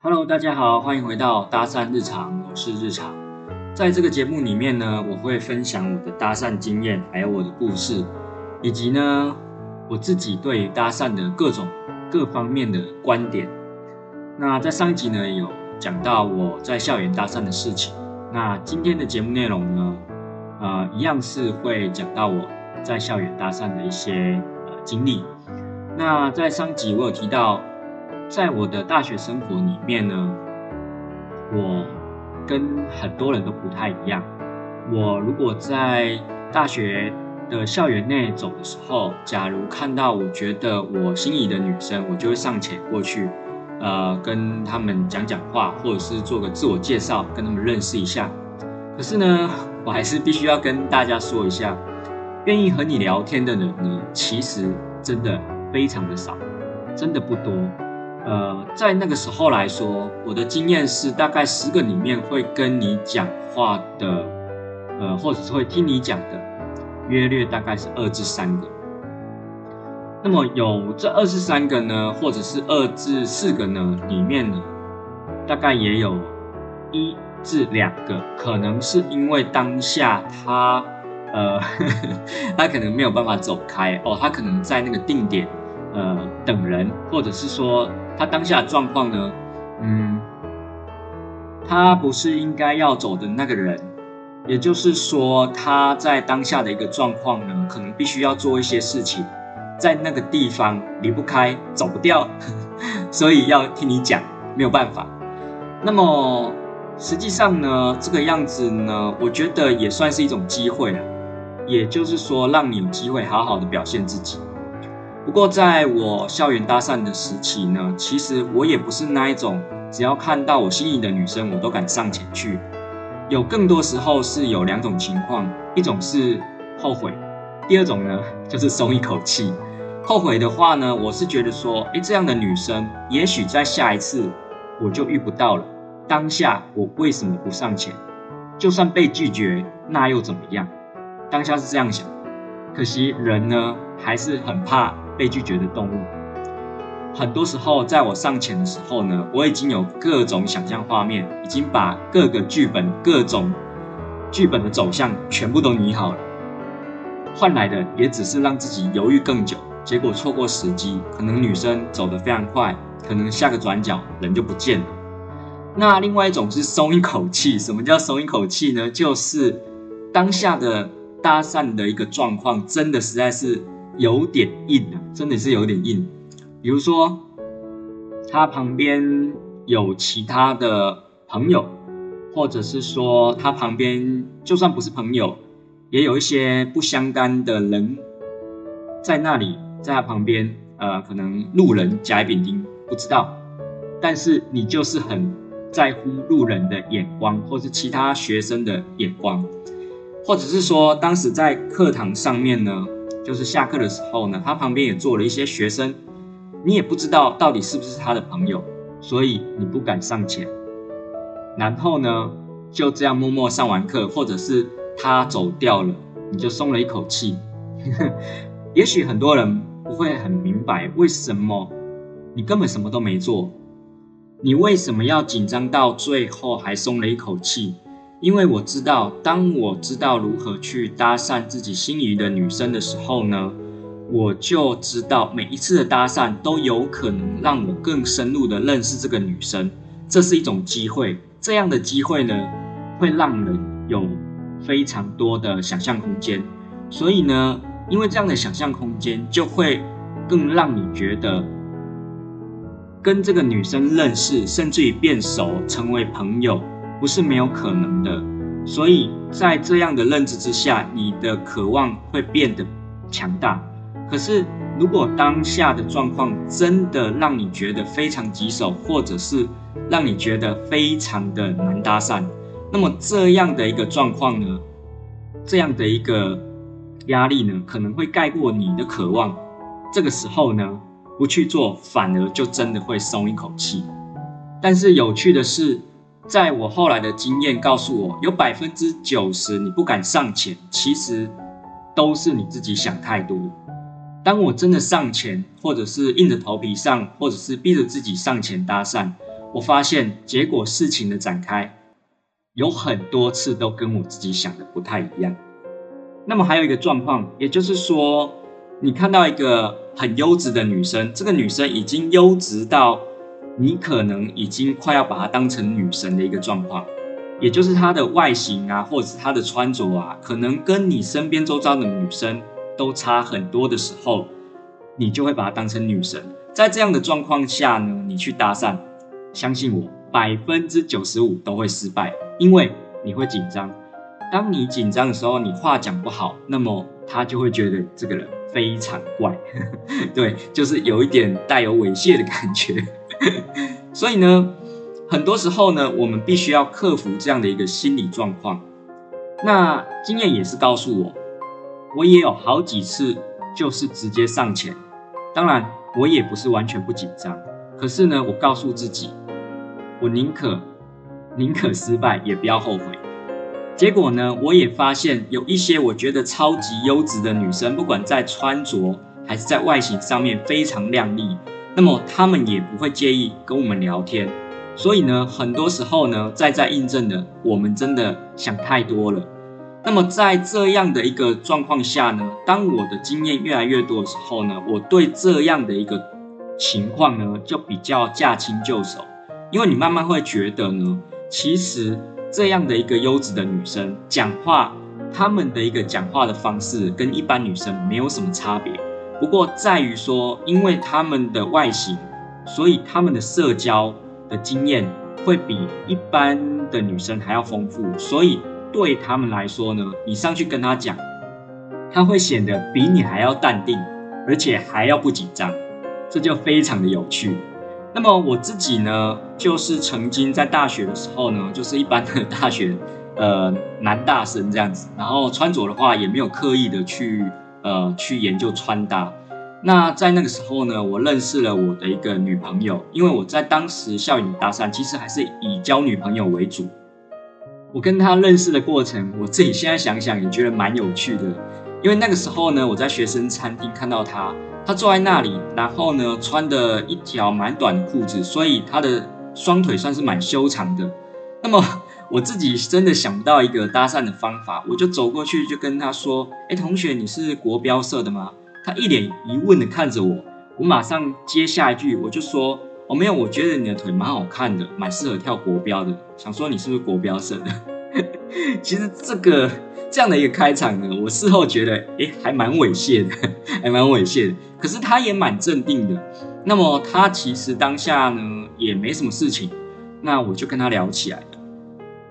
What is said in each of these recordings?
Hello，大家好，歡迎回到搭訕日常，我是日常。在這個節目裡面呢，我會分享我的搭訕經驗，還有我的故事，以及呢我自己對搭訕的各種各方面的觀點。那在上一集呢，有講到我在校園搭訕的事情。那今天的節目內容呢，呃，一樣是會講到我在校園搭訕的一些呃經歷。那在上集我有提到，在我的大學生活裡面呢，我跟很多人都不太一樣。我如果在大學的校園內走的時候，假如看到我覺得我心儀的女生，我就會上前過去。呃，跟他們講講話，或者是做個自我介紹，跟他們認識一下。可是呢，我還是必須要跟大家說一下，願意和你聊天的人呢，其實真的非常的少，真的不多。呃，在那個時候來說，我的經驗是，大概十個裡面會跟你講話的，呃，或者是會聽你講的，約略大概是二至三個。那麼有這二十三個呢，或者是二至四個呢，裡面呢，大概也有一至兩個，可能是因為當下他，呃，呵呵他可能沒有辦法走開哦，他可能在那個定點，呃，等人，或者是說他當下狀況呢，嗯，他不是應該要走的那個人，也就是說他在當下的一個狀況呢，可能必須要做一些事情。在那個地方離不開，走不掉， 所以要聽你講，沒有辦法。那麼實際上呢，這個樣子呢，我覺得也算是一種機會啦，也就是說讓你有機會好好的表現自己。不過在我校園搭訕的時期呢，其實我也不是那一種，只要看到我心儀的女生，我都敢上前去。有更多時候是有兩種情況，一種是後悔。第二種呢，就是鬆一口氣。後悔的話呢，我是覺得說，哎，這樣的女生，也許在下一次我就遇不到了。當下我為什麼不上前？就算被拒絕，那又怎麼樣？當下是這樣想。可惜人呢，還是很怕被拒絕的動物。很多時候，在我上前的時候呢，我已經有各種想象畫面，已經把各個劇本、各種劇本的走向全部都擬好了。換來的也只是讓自己猶豫更久，結果錯過時機。可能女生走得非常快，可能下個轉角人就不見了。那另外一種是鬆一口氣。什麼叫鬆一口氣呢？就是當下的搭訕的一個狀況真的實在是有點硬啊，真的是有點硬。比如說他旁邊有其他的朋友，或者是說他旁邊就算不是朋友。也有一些不相干的人，在那裡，在他旁邊，呃，可能路人甲乙丙丁不知道，但是你就是很在乎路人的眼光，或是其他學生的眼光，或者是說，當時在課堂上面呢，就是下課的時候呢，他旁邊也坐了一些學生，你也不知道到底是不是他的朋友，所以你不敢上前，然後呢，就這樣默默上完課，或者是。他走掉了，你就鬆了一口氣。 也許很多人不會很明白，為什麼你根本什麼都沒做，你為什麼要緊張到最後還鬆了一口氣？因為我知道，當我知道如何去搭訕自己心儀的女生的時候呢，我就知道每一次的搭訕都有可能讓我更深入的認識這個女生，這是一種機會。這樣的機會呢，會讓人有。非常多的想象空間，所以呢，因為這樣的想象空間，就會更讓你覺得跟這個女生認識，甚至於變熟，成為朋友，不是沒有可能的。所以在這樣的認知之下，你的渴望會變得強大。可是，如果當下的狀況真的讓你覺得非常棘手，或者是讓你覺得非常的難搭訕，那麼這樣的一個狀況呢，這樣的一個壓力呢，可能會蓋過你的渴望。這個時候呢，不去做反而就真的會鬆一口氣。但是有趣的是，在我後來的經驗告訴我，有百分之九十你不敢上前，其實都是你自己想太多。當我真的上前，或者是硬着頭皮上，或者是逼着自己上前搭訕，我發現結果事情的展開。有很多次都跟我自己想的不太一樣。那麼還有一個狀況，也就是說，你看到一個很優質的女生，這個女生已經優質到你可能已經快要把她當成女神的一個狀況，也就是她的外形啊，或者是她的穿着啊，可能跟你身邊周遭的女生都差很多的時候，你就會把她當成女神。在這樣的狀況下呢，你去搭訕，相信我95，百分之九十五都會失敗。因為你會緊張，當你緊張的時候，你話講不好，那麼他就會覺得這個人非常怪， 對，就是有一點帶有猥褻的感覺。 所以呢，很多時候呢，我們必須要克服這樣的一個心理狀況。那經驗也是告訴我，我也有好幾次就是直接上前，當然我也不是完全不緊張，可是呢，我告訴自己，我寧可。寧可失敗也不要後悔。結果呢，我也發現有一些我覺得超級優質的女生，不管在穿着還是在外形上面非常靚麗，那麼她們也不會介意跟我們聊天。所以呢，很多時候呢，在在印證的我們真的想太多了。那麼在這樣的一個狀況下呢，當我的經驗越來越多的時候呢，我對這樣的一個情況呢，就比較駕輕就熟，因為你慢慢會覺得呢。其實這樣的一個優質的女生講話，她們的一個講話的方式跟一般女生沒有什麼差別，不過在於說，因為她們的外形，所以她們的社交的經驗會比一般的女生還要豐富，所以對她們來說呢，你上去跟她講，她會顯得比你還要淡定，而且還要不緊張，這就非常的有趣。那麼我自己呢，就是曾經在大學的時候呢，就是一般的大學，呃，男大生這樣子，然後穿着的話也沒有刻意的去，呃，去研究穿搭。那在那個時候呢，我認識了我的一個女朋友，因為我在當時校園搭訕，其實還是以交女朋友為主。我跟她認識的過程，我自己現在想想也覺得蠻有趣的。因為那個時候呢，我在學生餐廳看到他，他坐在那裡，然後呢穿的一條蠻短的褲子，所以他的雙腿算是蠻修長的。那麼我自己真的想不到一個搭訕的方法，我就走過去就跟他說：“哎、欸，同學，你是國標社的嗎？”他一臉疑問的看着我，我馬上接下一句，我就說：“哦，沒有，我覺得你的腿蠻好看的，蠻適合跳國標的，想說你是不是國標社的。”其實這個這樣的一個開場呢，我事後覺得，欸，還蠻猥褻的，還蠻猥褻的。可是他也蠻鎮定的。那麼他其實當下呢也沒什麼事情，那我就跟他聊起來了。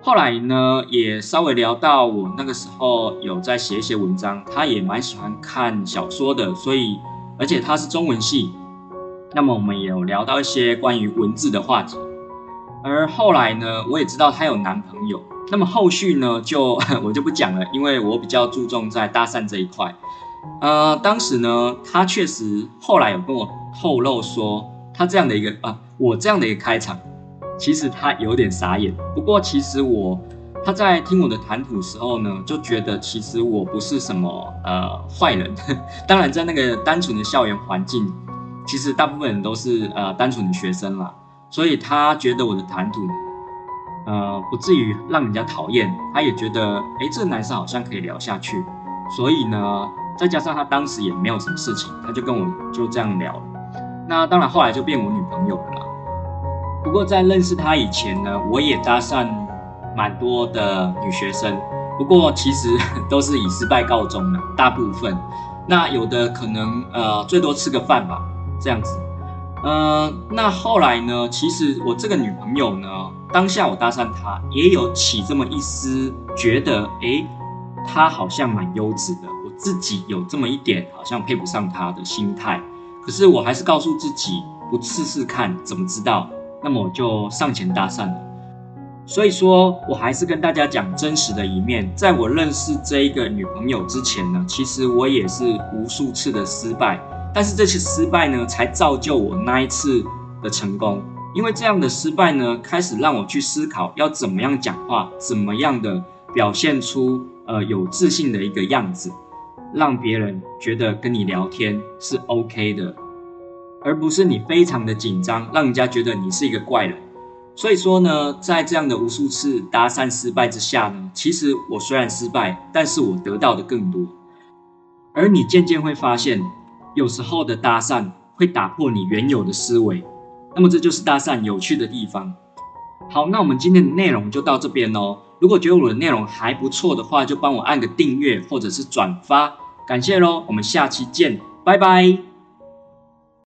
後來呢也稍微聊到我那個時候有在寫一些文章，他也蠻喜歡看小說的，所以而且他是中文系，那麼我們也有聊到一些關於文字的話題。而後來呢，我也知道她有男朋友。那麼後續呢，就我就不講了，因為我比較注重在搭訕這一塊。呃，當時呢，他確實後來有跟我透露說，他這樣的一個啊、呃，我這樣的一個開場，其實他有點傻眼。不過其實我他在聽我的談吐時候呢，就覺得其實我不是什麼呃壞人。當然在那個單純的校園環境，其實大部分人都是呃單純的學生啦，所以他覺得我的談吐，呃，不至於讓人家討厭，他也覺得，誒，這個男生好像可以聊下去，所以呢，再加上他當時也沒有什麼事情，他就跟我就這樣聊了。那當然，後來就變我女朋友了。不過在認識他以前呢，我也搭訕蠻多的女學生，不過其實都是以失敗告終的，大部分。那有的可能呃，最多吃個飯吧，這樣子。呃，那後來呢，其實我這個女朋友呢。當下我搭訕他，也有起這麼一絲覺得，誒，他好像蠻優質的，我自己有這麼一點好像配不上他的心態。可是我還是告訴自己，不試試看怎麼知道？那麼我就上前搭訕了。所以說，我還是跟大家講真實的一面。在我認識這一個女朋友之前呢，其實我也是無數次的失敗，但是這些失敗呢，才造就我那一次的成功。因為這樣的失敗呢，開始讓我去思考要怎麼樣講話，怎麼樣的表現出呃有自信的一個樣子，讓別人覺得跟你聊天是 OK 的，而不是你非常的緊張，讓人家覺得你是一個怪人。所以說呢，在這樣的無數次搭訕失敗之下呢，其實我雖然失敗，但是我得到的更多。而你漸漸會發現，有時候的搭訕會打破你原有的思維。那麼這就是搭訕有趣的地方。好，那我們今天的內容就到這邊嘍、哦。如果覺得我的內容還不錯的話，就幫我按個訂閱或者是轉發，感謝嘍。我們下期見，拜拜。